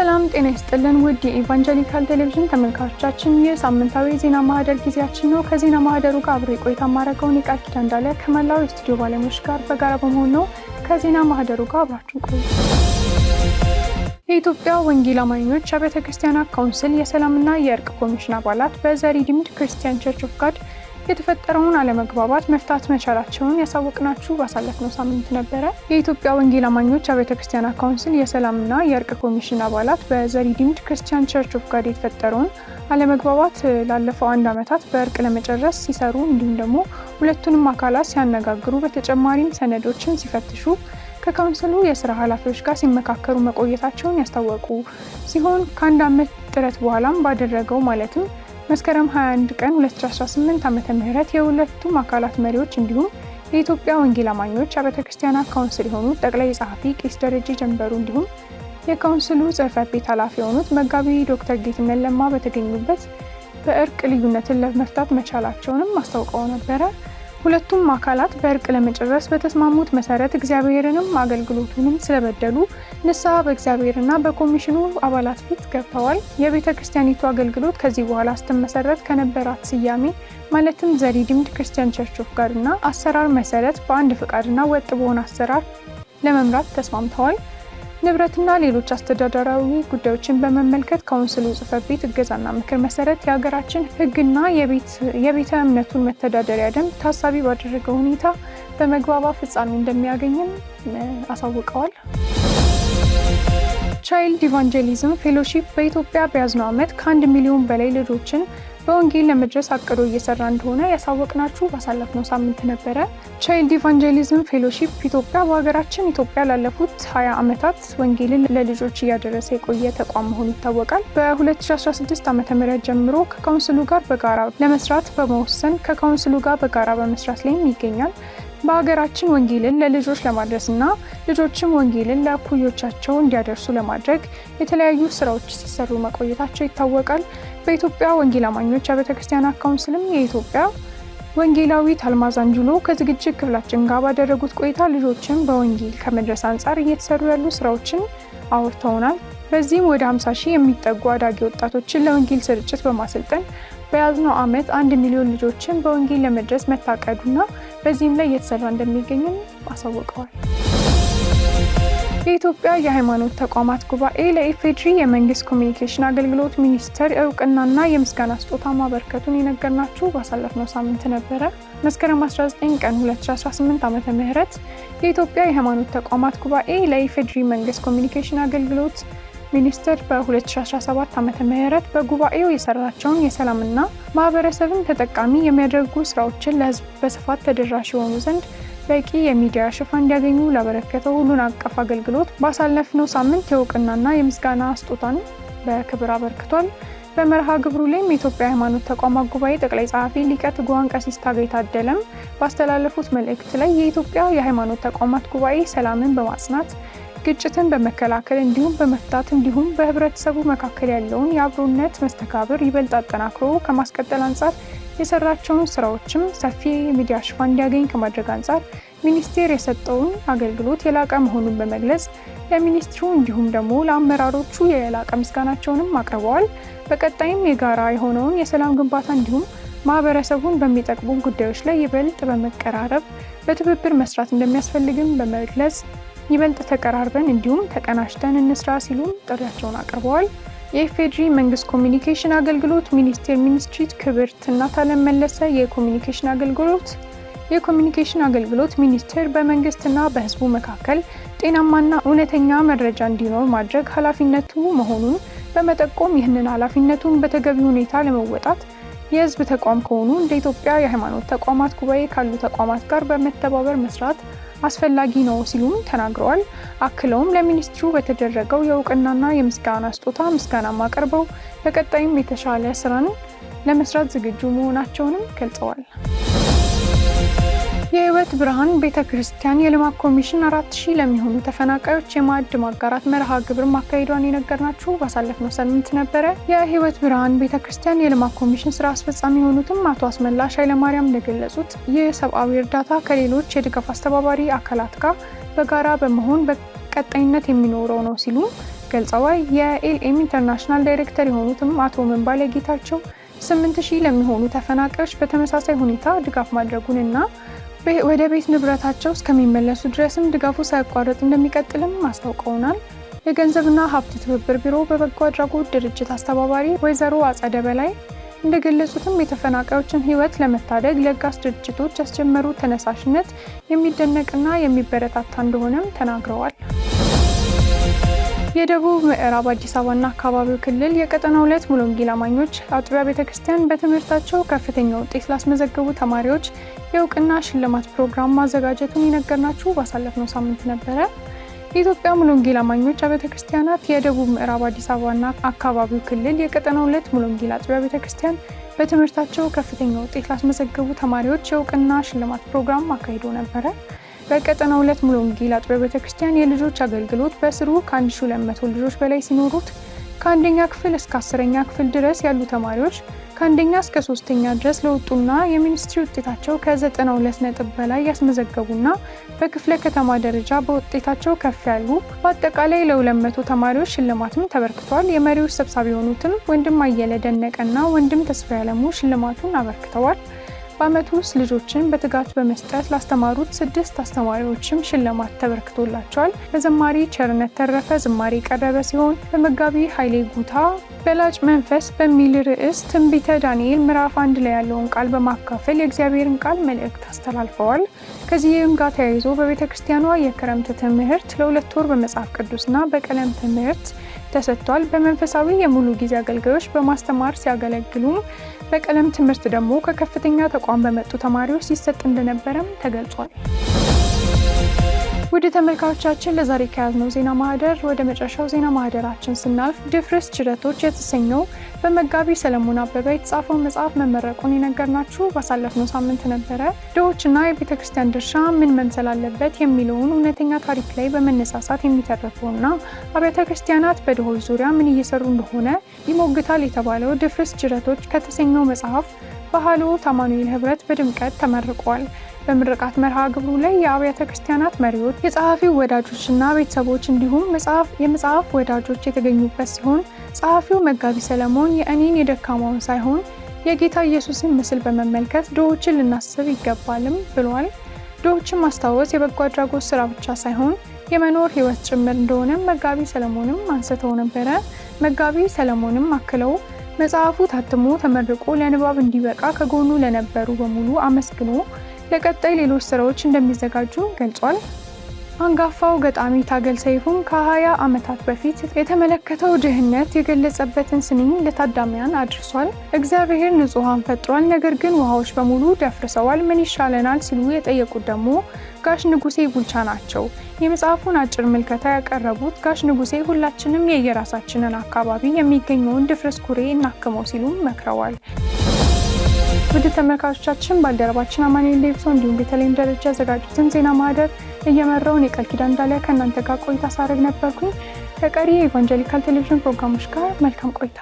ሰላም ጤና ይስጥልን ውድ የኢቫንጀሊካል ቴሌቪዥን ተመልካቾቻችን፣ ይህ ሳምንታዊ የዜና ማህደር ጊዜያችን ነው። ከዜና ማህደሩ ጋር አብሬ ቆይታ ማድረገውን የቃል ኪዳን እንዳለ ከመላው የስቱዲዮ ባለሙያዎች ጋር በጋራ በመሆን ነው። ከዜና ማህደሩ ጋር አብራችን ቆዩ። የኢትዮጵያ ወንጌል አማኞች አብያተ ክርስቲያናት ካውንስል የሰላምና የእርቅ ኮሚሽን አባላት በዘሪ ድምድ ክርስቲያን ቸርች ኦፍ ጋድ የተፈጠረውን አለመግባባት መፍታት መቻላቸውን ያሳወቅናችሁ ባሳለፍነው ሳምንት ነበረ። የኢትዮጵያ ወንጌል አማኞች አብያተ ክርስቲያናት ካውንስል የሰላምና የእርቅ ኮሚሽን አባላት በዘሪዲምድ ክርስቲያን ቸርች ኦፍ ጋድ የተፈጠረውን አለመግባባት ላለፈው አንድ ዓመታት በእርቅ ለመጨረስ ሲሰሩ እንዲሁም ደግሞ ሁለቱንም አካላት ሲያነጋግሩ በተጨማሪም ሰነዶችን ሲፈትሹ ከካውንስሉ የስራ ኃላፊዎች ጋር ሲመካከሩ መቆየታቸውን ያስታወቁ ሲሆን ከአንድ ዓመት ጥረት በኋላም ባደረገው ማለትም መስከረም 21 ቀን 2018 ዓ.ም የሁለቱም አካላት መሪዎች እንዲሁም የኢትዮጵያ ወንጌል አማኞች አብያተ ክርስቲያናት ካውንስል የሆኑት ጠቅላይ ጸሐፊ ቄስ ደረጀ ጀንበሩ እንዲሁም የካውንስሉ ጽህፈት ቤት ኃላፊ የሆኑት መጋቢ ዶክተር ጌትነት ለማ በተገኙበት በእርቅ ልዩነትን ለመፍታት መቻላቸውንም አስታውቀው ነበረ። ሁለቱም አካላት በእርቅ ለመጨረስ በተስማሙት መሰረት እግዚአብሔርንም አገልግሎቱንም ስለበደሉ ንስሐ በእግዚአብሔርና በኮሚሽኑ አባላት ፊት ገብተዋል። የቤተ ክርስቲያኒቱ አገልግሎት ከዚህ በኋላ ስትመሰረት ከነበራት ስያሜ ማለትም ዘ ክርስቲያን ቸርች ኦፍ አሰራር መሰረት በአንድ ፍቃድና ወጥ በሆነ አሰራር ለመምራት ተስማምተዋል። ንብረትና ሌሎች አስተዳደራዊ ጉዳዮችን በመመልከት ካውንስሉ ጽፈት ቤት እገዛና ምክር መሰረት የሀገራችን ህግና የቤተ እምነቱን መተዳደሪያ ደንብ ታሳቢ ባደረገ ሁኔታ በመግባባ ፍጻሜ እንደሚያገኝም አሳውቀዋል። ቻይልድ ኢቫንጀሊዝም ፌሎሺፕ በኢትዮጵያ በያዝነው ዓመት ከአንድ ሚሊዮን በላይ ልጆችን በወንጌል ለመድረስ አቅዶ እየሰራ እንደሆነ ያሳወቅናችሁ ባሳለፍነው ሳምንት ነበረ። ቻይልድ ኢቫንጀሊዝም ፌሎሺፕ ኢትዮጵያ በሀገራችን ኢትዮጵያ ላለፉት 20 ዓመታት ወንጌልን ለልጆች እያደረሰ የቆየ ተቋም መሆኑ ይታወቃል። በ2016 ዓ ም ጀምሮ ከካውንስሉ ጋር በጋራ ለመስራት በመወሰን ከካውንስሉ ጋር በጋራ በመስራት ላይም ይገኛል። በሀገራችን ወንጌልን ለልጆች ለማድረስና ልጆችም ወንጌልን ለእኩዮቻቸው እንዲያደርሱ ለማድረግ የተለያዩ ስራዎች ሲሰሩ መቆየታቸው ይታወቃል። በኢትዮጵያ ወንጌል አማኞች አብያተ ክርስቲያናት ካውንስልም የኢትዮጵያ ወንጌላዊት አልማዝ አንጅሎ ከዝግጅት ክፍላችን ጋር ባደረጉት ቆይታ ልጆችን በወንጌል ከመድረስ አንጻር እየተሰሩ ያሉ ስራዎችን አውርተውናል። በዚህም ወደ 50 ሺህ የሚጠጉ አዳጊ ወጣቶችን ለወንጌል ስርጭት በማሰልጠን በያዝነው ዓመት አንድ ሚሊዮን ልጆችን በወንጌል ለመድረስ መታቀዱና በዚህም ላይ እየተሰራ እንደሚገኝም አሳውቀዋል። የኢትዮጵያ የሃይማኖት ተቋማት ጉባኤ ለኢፌድሪ የመንግስት ኮሚኒኬሽን አገልግሎት ሚኒስቴር እውቅናና የምስጋና ስጦታ ማበርከቱን የነገርናችሁ ባሳለፍነው ሳምንት ነበረ። መስከረም 19 ቀን 2018 ዓ ም የኢትዮጵያ የሃይማኖት ተቋማት ጉባኤ ለኢፌድሪ መንግስት ኮሚኒኬሽን አገልግሎት ሚኒስቴር በ2017 ዓ ም በጉባኤው የሰራቸውን የሰላምና ማህበረሰብን ተጠቃሚ የሚያደርጉ ስራዎችን ለህዝብ በስፋት ተደራሽ የሆኑ ዘንድ በቂ የሚዲያ ሽፋን እንዲያገኙ ላበረከተው ሁሉን አቀፍ አገልግሎት ባሳለፍነው ሳምንት የእውቅናና የምስጋና ስጦታን በክብር አበርክቷል። በመርሃ ግብሩ ላይም የኢትዮጵያ ሃይማኖት ተቋማት ጉባኤ ጠቅላይ ጸሐፊ ሊቀ ትጉሃን ቀሲስ ታገይ ታደለም ባስተላለፉት መልእክት ላይ የኢትዮጵያ የሃይማኖት ተቋማት ጉባኤ ሰላምን በማጽናት ግጭትን በመከላከል እንዲሁም በመፍታት እንዲሁም በህብረተሰቡ መካከል ያለውን የአብሮነት መስተጋብር ይበልጥ አጠናክሮ ከማስቀጠል አንጻር የሰራቸውን ስራዎችም ሰፊ የሚዲያ ሽፋን እንዲያገኝ ከማድረግ አንጻር ሚኒስቴር የሰጠውን አገልግሎት የላቀ መሆኑን በመግለጽ ለሚኒስትሩ እንዲሁም ደግሞ ለአመራሮቹ የላቀ ምስጋናቸውንም አቅርበዋል። በቀጣይም የጋራ የሆነውን የሰላም ግንባታ እንዲሁም ማህበረሰቡን በሚጠቅሙ ጉዳዮች ላይ ይበልጥ በመቀራረብ በትብብር መስራት እንደሚያስፈልግም በመግለጽ ይበልጥ ተቀራርበን እንዲሁም ተቀናጅተን እንስራ ሲሉም ጥሪያቸውን አቅርበዋል። የኢፌዴሪ መንግስት ኮሚኒኬሽን አገልግሎት ሚኒስቴር ሚኒስትሪት ክብርት እናታለም መለሰ የኮሚኒኬሽን አገልግሎት የኮሚኒኬሽን አገልግሎት ሚኒስቴር በመንግስትና በህዝቡ መካከል ጤናማና እውነተኛ መረጃ እንዲኖር ማድረግ ኃላፊነቱ መሆኑን በመጠቆም ይህንን ኃላፊነቱን በተገቢ ሁኔታ ለመወጣት የህዝብ ተቋም ከሆኑ እንደ ኢትዮጵያ የሃይማኖት ተቋማት ጉባኤ ካሉ ተቋማት ጋር በመተባበር መስራት አስፈላጊ ነው ሲሉም ተናግረዋል። አክለውም ለሚኒስትሩ በተደረገው የእውቅናና የምስጋና ስጦታ ምስጋናም አቅርበው በቀጣይም የተሻለ ስራን ለመስራት ዝግጁ መሆናቸውንም ገልጸዋል። የህይወት ብርሃን ቤተ ክርስቲያን የልማት ኮሚሽን አራት ሺህ ለሚሆኑ ተፈናቃዮች የማዕድ ማጋራት መርሃ ግብር ማካሄዷን የነገርናችሁ ባሳለፍነው ሳምንት ነበረ። የህይወት ብርሃን ቤተ ክርስቲያን የልማት ኮሚሽን ስራ አስፈጻሚ የሆኑትም አቶ አስመላሽ ኃይለማርያም እንደገለጹት ይህ ሰብአዊ እርዳታ ከሌሎች የድጋፍ አስተባባሪ አካላት ጋር በጋራ በመሆን በቀጣይነት የሚኖረው ነው ሲሉ ገልጸዋል። የኤልኤም ኢንተርናሽናል ዳይሬክተር የሆኑትም አቶ መንባለ ጌታቸው ስምንት ሺህ ለሚሆኑ ተፈናቃዮች በተመሳሳይ ሁኔታ ድጋፍ ማድረጉንና ወደ ቤት ንብረታቸው እስከሚመለሱ ድረስም ድጋፉ ሳያቋረጥ እንደሚቀጥልም አስታውቀውናል። የገንዘብና ሀብት ትብብር ቢሮ በበጎ አድራጎት ድርጅት አስተባባሪ ወይዘሮ አጸደ በላይ እንደገለጹትም የተፈናቃዮችን ሕይወት ለመታደግ ለጋስ ድርጅቶች ያስጀመሩ ተነሳሽነት የሚደነቅና የሚበረታታ እንደሆነም ተናግረዋል። የደቡብ ምዕራብ አዲስ አበባና አካባቢው ክልል የቀጠና ሁለት ሙሉ ወንጌል አማኞች አጥቢያ ቤተ ክርስቲያን በትምህርታቸው ከፍተኛ ውጤት ላስመዘገቡ ተማሪዎች የእውቅና ሽልማት ፕሮግራም ማዘጋጀቱን የነገርናችሁ ባሳለፍነው ሳምንት ነበረ። የኢትዮጵያ ሙሉ ወንጌል አማኞች አብያተ ክርስቲያናት የደቡብ ምዕራብ አዲስ አበባና አካባቢው ክልል የቀጠና ሁለት ሙሉ ወንጌል አጥቢያ ቤተ ክርስቲያን በትምህርታቸው ከፍተኛ ውጤት ላስመዘገቡ ተማሪዎች የእውቅና ሽልማት ፕሮግራም አካሂዶ ነበረ። በቀጠናው ሁለት ሙሉ ወንጌል አጥቢያ ቤተክርስቲያን የልጆች አገልግሎት በስሩ ከ1200 ልጆች በላይ ሲኖሩት ከአንደኛ ክፍል እስከ አስረኛ ክፍል ድረስ ያሉ ተማሪዎች ከአንደኛ እስከ ሶስተኛ ድረስ ለውጡና የሚኒስትሪ ውጤታቸው ከ92 ነጥብ በላይ ያስመዘገቡና በክፍለ ከተማ ደረጃ በውጤታቸው ከፍ ያሉ በአጠቃላይ ለ200 ተማሪዎች ሽልማትም ተበርክቷል። የመሪዎች ሰብሳቢ የሆኑትም ወንድም አየለ ደነቀና ወንድም ተስፋ ያለሙ ሽልማቱን አበርክተዋል። በዓመቱ ውስጥ ልጆችን በትጋት በመስጠት ላስተማሩት ስድስት አስተማሪዎችም ሽልማት ተበርክቶላቸዋል። በዘማሪ ቸርነት ተረፈ ዝማሬ ቀረበ ሲሆን በመጋቢ ኃይሌ ጉታ በላጭ መንፈስ በሚል ርዕስ ትንቢተ ዳንኤል ምዕራፍ አንድ ላይ ያለውን ቃል በማካፈል የእግዚአብሔርን ቃል መልእክት አስተላልፈዋል። ከዚህም ጋር ተያይዞ በቤተ ክርስቲያኗ የክረምት ትምህርት ለሁለት ወር በመጽሐፍ ቅዱስና በቀለም ትምህርት ተሰጥቷል። በመንፈሳዊ የሙሉ ጊዜ አገልጋዮች በማስተማር ሲያገለግሉም በቀለም ትምህርት ደግሞ ከከፍተኛ ተቋም በመጡ ተማሪዎች ሲሰጥ እንደነበረም ተገልጿል። ውድ ተመልካቾቻችን ለዛሬ ከያዝነው ዜና ማህደር ወደ መጨረሻው ዜና ማህደራችን ስናልፍ ድፍርስ ችረቶች የተሰኘው በመጋቢ ሰለሞን አበበ የተጻፈው መጽሐፍ መመረቁን የነገርናችሁ ባሳለፍነው ሳምንት ነበረ። ድሆችና የቤተ ክርስቲያን ድርሻ ምን መምሰል አለበት የሚለውን እውነተኛ ታሪክ ላይ በመነሳሳት የሚተረፈውና አብያተ ክርስቲያናት በድሆች ዙሪያ ምን እየሰሩ እንደሆነ ይሞግታል የተባለው ድፍርስ ጅረቶች ከተሰኘው መጽሐፍ በሀሎ ታማኑኤል ህብረት በድምቀት ተመርቋል። በምርቃት መርሃ ግብሩ ላይ የአብያተ ክርስቲያናት መሪዎች፣ የጸሐፊው ወዳጆችና ቤተሰቦች እንዲሁም የመጽሐፍ ወዳጆች የተገኙበት ሲሆን ጸሐፊው መጋቢ ሰለሞን የእኔን የደካማውን ሳይሆን የጌታ ኢየሱስን ምስል በመመልከት ድሆችን ልናስብ ይገባልም ብሏል። ድሆችን ማስታወስ የበጎ አድራጎት ስራ ብቻ ሳይሆን የመኖር ህይወት ጭምር እንደሆነ መጋቢ ሰለሞንም አንስተው ነበረ። መጋቢ ሰለሞንም አክለው መጽሐፉ ታትሞ ተመርቆ ለንባብ እንዲበቃ ከጎኑ ለነበሩ በሙሉ አመስግኖ ለቀጣይ ሌሎች ስራዎች እንደሚዘጋጁ ገልጿል። አንጋፋው ገጣሚ ታገል ሰይፉም ከ20 ዓመታት በፊት የተመለከተው ድህነት የገለጸበትን ስንኝ ለታዳሚያን አድርሷል። እግዚአብሔር ንጹሐን ፈጥሯል፣ ነገር ግን ውሃዎች በሙሉ ደፍርሰዋል፣ ምን ይሻለናል ሲሉ የጠየቁት ደግሞ ጋሽ ንጉሴ ጉልቻ ናቸው። የመጽሐፉን አጭር ምልከታ ያቀረቡት ጋሽ ንጉሴ ሁላችንም የየራሳችንን አካባቢ የሚገኘውን ድፍርስ ኩሬ እናክመው ሲሉም መክረዋል። ውድ ተመልካቾቻችን ባልደረባችን አማኑኤል ሌብሶ እንዲሁም ቤተልሔም ደረጃ ያዘጋጁትን ዜና ማህደር እየመራውን የቃል ኪዳን እንዳለ ከእናንተ ጋር ቆይታ ሳረግ ነበርኩኝ። ከቀሪ የኢቫንጀሊካል ቴሌቪዥን ፕሮግራሞች ጋር መልካም ቆይታ